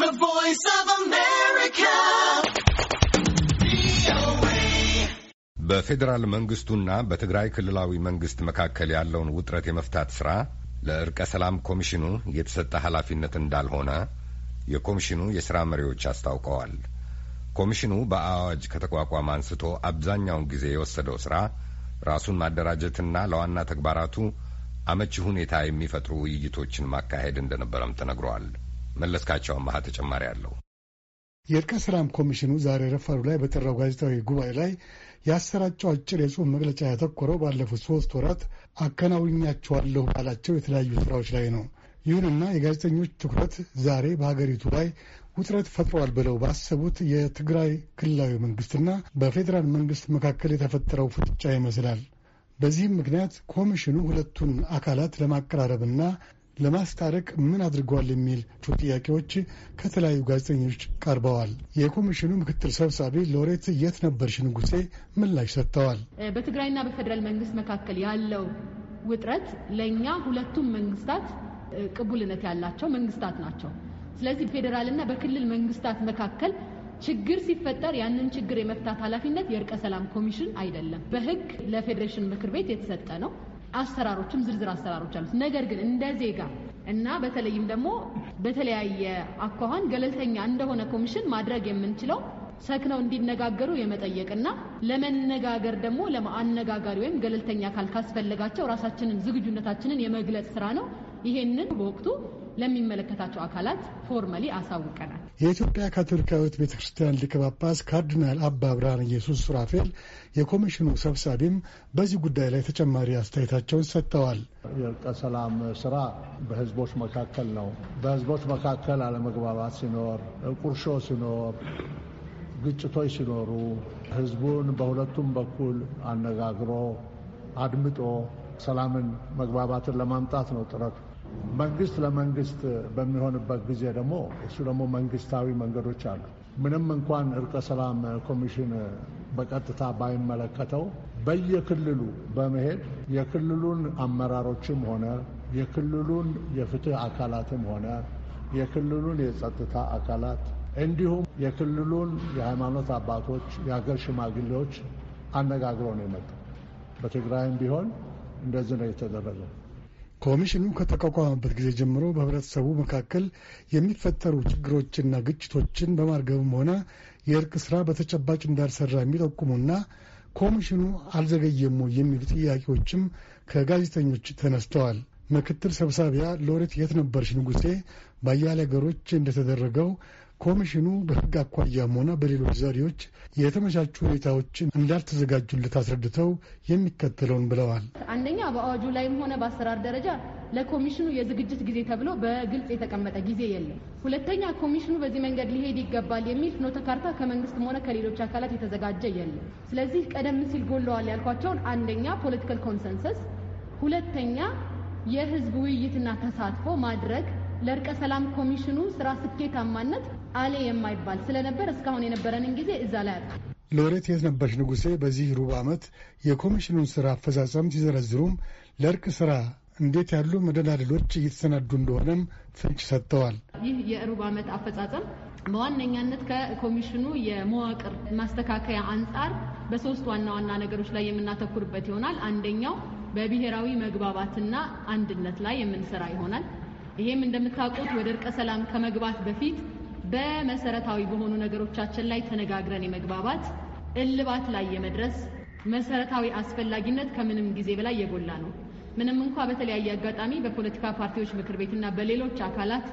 The Voice of America. በፌዴራል መንግስቱና በትግራይ ክልላዊ መንግስት መካከል ያለውን ውጥረት የመፍታት ስራ ለእርቀ ሰላም ኮሚሽኑ የተሰጠ ኃላፊነት እንዳልሆነ የኮሚሽኑ የሥራ መሪዎች አስታውቀዋል። ኮሚሽኑ በአዋጅ ከተቋቋመ አንስቶ አብዛኛውን ጊዜ የወሰደው ሥራ ራሱን ማደራጀትና ለዋና ተግባራቱ አመቺ ሁኔታ የሚፈጥሩ ውይይቶችን ማካሄድ እንደነበረም ተነግሯል። መለስካቸው አማሃ ተጨማሪ አለው። የእርቀ ሰላም ኮሚሽኑ ዛሬ ረፋዱ ላይ በጠራው ጋዜጣዊ ጉባኤ ላይ ያሰራጨው አጭር የጽሁፍ መግለጫ ያተኮረው ባለፉት ሶስት ወራት አከናውኛቸዋለሁ ባላቸው የተለያዩ ስራዎች ላይ ነው። ይሁንና የጋዜጠኞች ትኩረት ዛሬ በሀገሪቱ ላይ ውጥረት ፈጥሯል ብለው ባሰቡት የትግራይ ክልላዊ መንግስትና በፌዴራል መንግስት መካከል የተፈጠረው ፍጥጫ ይመስላል። በዚህም ምክንያት ኮሚሽኑ ሁለቱን አካላት ለማቀራረብና ለማስታረቅ ምን አድርጓል የሚል ጥያቄዎች ከተለያዩ ጋዜጠኞች ቀርበዋል። የኮሚሽኑ ምክትል ሰብሳቢ ሎሬት የት ነበርሽ ንጉሴ ምላሽ ሰጥተዋል። በትግራይና በፌዴራል መንግስት መካከል ያለው ውጥረት ለእኛ ሁለቱም መንግስታት ቅቡልነት ያላቸው መንግስታት ናቸው። ስለዚህ በፌዴራልና በክልል መንግስታት መካከል ችግር ሲፈጠር ያንን ችግር የመፍታት ኃላፊነት የእርቀ ሰላም ኮሚሽን አይደለም፣ በህግ ለፌዴሬሽን ምክር ቤት የተሰጠ ነው። አሰራሮችም ዝርዝር አሰራሮች አሉት። ነገር ግን እንደ ዜጋ እና በተለይም ደግሞ በተለያየ አኳኋን ገለልተኛ እንደሆነ ኮሚሽን ማድረግ የምንችለው ሰክነው እንዲነጋገሩ የመጠየቅና ለመነጋገር ደግሞ ለአነጋጋሪ ወይም ገለልተኛ አካል ካስፈለጋቸው ራሳችንን ዝግጁነታችንን የመግለጽ ስራ ነው። ይሄንን በወቅቱ ለሚመለከታቸው አካላት ፎርመሊ አሳውቀናል። የኢትዮጵያ ካቶሊካዊት ቤተ ክርስቲያን ሊቀ ጳጳስ ካርዲናል አባ ብርሃን ኢየሱስ ሱራፌል የኮሚሽኑ ሰብሳቢም በዚህ ጉዳይ ላይ ተጨማሪ አስተያየታቸውን ሰጥተዋል። የእርቀ ሰላም ስራ በህዝቦች መካከል ነው። በህዝቦች መካከል አለመግባባት ሲኖር፣ ቁርሾ ሲኖር ግጭቶች ሲኖሩ ህዝቡን በሁለቱም በኩል አነጋግሮ አድምጦ ሰላምን መግባባትን ለማምጣት ነው ጥረቱ። መንግስት ለመንግስት በሚሆንበት ጊዜ ደግሞ እሱ ደግሞ መንግስታዊ መንገዶች አሉ። ምንም እንኳን እርቀ ሰላም ኮሚሽን በቀጥታ ባይመለከተው በየክልሉ በመሄድ የክልሉን አመራሮችም ሆነ የክልሉን የፍትህ አካላትም ሆነ የክልሉን የጸጥታ አካላት እንዲሁም የክልሉን የሃይማኖት አባቶች፣ የሀገር ሽማግሌዎች አነጋግሮ ነው የመጡ። በትግራይም ቢሆን እንደዚህ ነው የተደረገው። ኮሚሽኑ ከተቋቋመበት ጊዜ ጀምሮ በህብረተሰቡ መካከል የሚፈጠሩ ችግሮችና ግጭቶችን በማርገብም ሆነ የእርቅ ስራ በተጨባጭ እንዳልሰራ የሚጠቁሙና ኮሚሽኑ አልዘገየሙ የሚሉ ጥያቄዎችም ከጋዜጠኞች ተነስተዋል። ምክትል ሰብሳቢያ ሎሬት የት ነበርሽ ንጉሴ በያሌ ሀገሮች እንደተደረገው ኮሚሽኑ በሕግ አኳያም ሆነ በሌሎች ዘዴዎች የተመቻቹ ሁኔታዎችን እንዳልተዘጋጁለት አስረድተው የሚከተለውን ብለዋል። አንደኛ በአዋጁ ላይም ሆነ በአሰራር ደረጃ ለኮሚሽኑ የዝግጅት ጊዜ ተብሎ በግልጽ የተቀመጠ ጊዜ የለም። ሁለተኛ ኮሚሽኑ በዚህ መንገድ ሊሄድ ይገባል የሚል ፍኖተ ካርታ ከመንግስትም ሆነ ከሌሎች አካላት የተዘጋጀ የለም። ስለዚህ ቀደም ሲል ጎለዋል ያልኳቸውን አንደኛ ፖለቲካል ኮንሰንሰስ፣ ሁለተኛ የህዝብ ውይይትና ተሳትፎ ማድረግ ለእርቀ ሰላም ኮሚሽኑ ስራ ስኬታማነት አሌ የማይባል ስለነበር እስካሁን የነበረንን ጊዜ እዛ ላይ አጣ። ሎሬት የትነበሽ ንጉሴ በዚህ ሩብ ዓመት የኮሚሽኑን ስራ አፈጻጸም ሲዘረዝሩም ለእርቅ ስራ እንዴት ያሉ መደላደሎች እየተሰናዱ እንደሆነም ፍንጭ ሰጥተዋል። ይህ የሩብ ዓመት አፈጻጸም በዋነኛነት ከኮሚሽኑ የመዋቅር ማስተካከያ አንጻር በሶስት ዋና ዋና ነገሮች ላይ የምናተኩርበት ይሆናል። አንደኛው በብሔራዊ መግባባትና አንድነት ላይ የምንሰራ ይሆናል። ይሄም እንደምታውቁት ወደ እርቀ ሰላም ከመግባት በፊት በመሰረታዊ በሆኑ ነገሮቻችን ላይ ተነጋግረን የመግባባት እልባት ላይ የመድረስ መሰረታዊ አስፈላጊነት ከምንም ጊዜ በላይ የጎላ ነው። ምንም እንኳ በተለያየ አጋጣሚ በፖለቲካ ፓርቲዎች ምክር ቤትና በሌሎች አካላት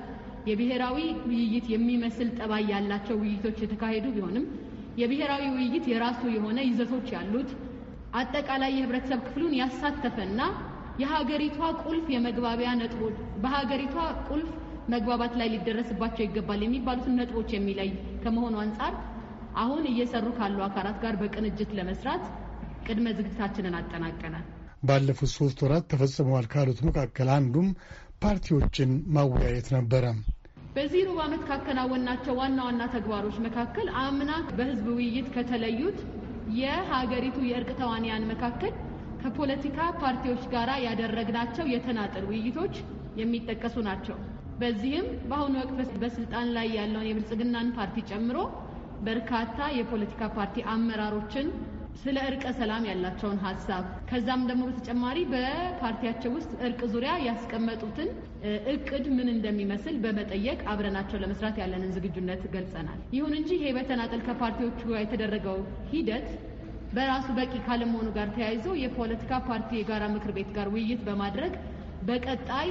የብሔራዊ ውይይት የሚመስል ጠባይ ያላቸው ውይይቶች የተካሄዱ ቢሆንም የብሔራዊ ውይይት የራሱ የሆነ ይዘቶች ያሉት አጠቃላይ የህብረተሰብ ክፍሉን ያሳተፈና የሀገሪቷ ቁልፍ የመግባቢያ ነጥቦች በሀገሪቷ ቁልፍ መግባባት ላይ ሊደረስባቸው ይገባል የሚባሉትን ነጥቦች የሚለይ ከመሆኑ አንጻር አሁን እየሰሩ ካሉ አካላት ጋር በቅንጅት ለመስራት ቅድመ ዝግጅታችንን አጠናቀናል። ባለፉት ሶስት ወራት ተፈጽመዋል ካሉት መካከል አንዱም ፓርቲዎችን ማወያየት ነበረ። በዚህ ሩብ ዓመት ካከናወናቸው ዋና ዋና ተግባሮች መካከል አምና በህዝብ ውይይት ከተለዩት የሀገሪቱ የእርቅ ተዋንያን መካከል ከፖለቲካ ፓርቲዎች ጋር ያደረግናቸው የተናጠል ውይይቶች የሚጠቀሱ ናቸው። በዚህም በአሁኑ ወቅት በስልጣን ላይ ያለውን የብልጽግናን ፓርቲ ጨምሮ በርካታ የፖለቲካ ፓርቲ አመራሮችን ስለ እርቀ ሰላም ያላቸውን ሀሳብ ከዛም ደግሞ በተጨማሪ በፓርቲያቸው ውስጥ እርቅ ዙሪያ ያስቀመጡትን እቅድ ምን እንደሚመስል በመጠየቅ አብረናቸው ለመስራት ያለንን ዝግጁነት ገልጸናል። ይሁን እንጂ ይሄ በተናጠል ከፓርቲዎቹ የተደረገው ሂደት በራሱ በቂ ካለመሆኑ ጋር ተያይዞ የፖለቲካ ፓርቲ የጋራ ምክር ቤት ጋር ውይይት በማድረግ በቀጣይ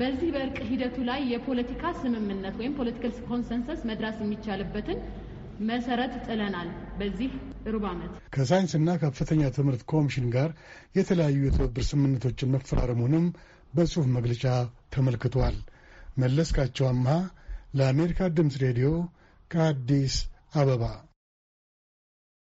በዚህ በእርቅ ሂደቱ ላይ የፖለቲካ ስምምነት ወይም ፖለቲካል ኮንሰንሰስ መድረስ የሚቻልበትን መሰረት ጥለናል። በዚህ ሩብ ዓመት ከሳይንስና ከፍተኛ ትምህርት ኮሚሽን ጋር የተለያዩ የትብብር ስምምነቶችን መፈራረሙንም በጽሑፍ መግለጫ ተመልክቷል። መለስካቸው አምሃ ለአሜሪካ ድምፅ ሬዲዮ ከአዲስ አበባ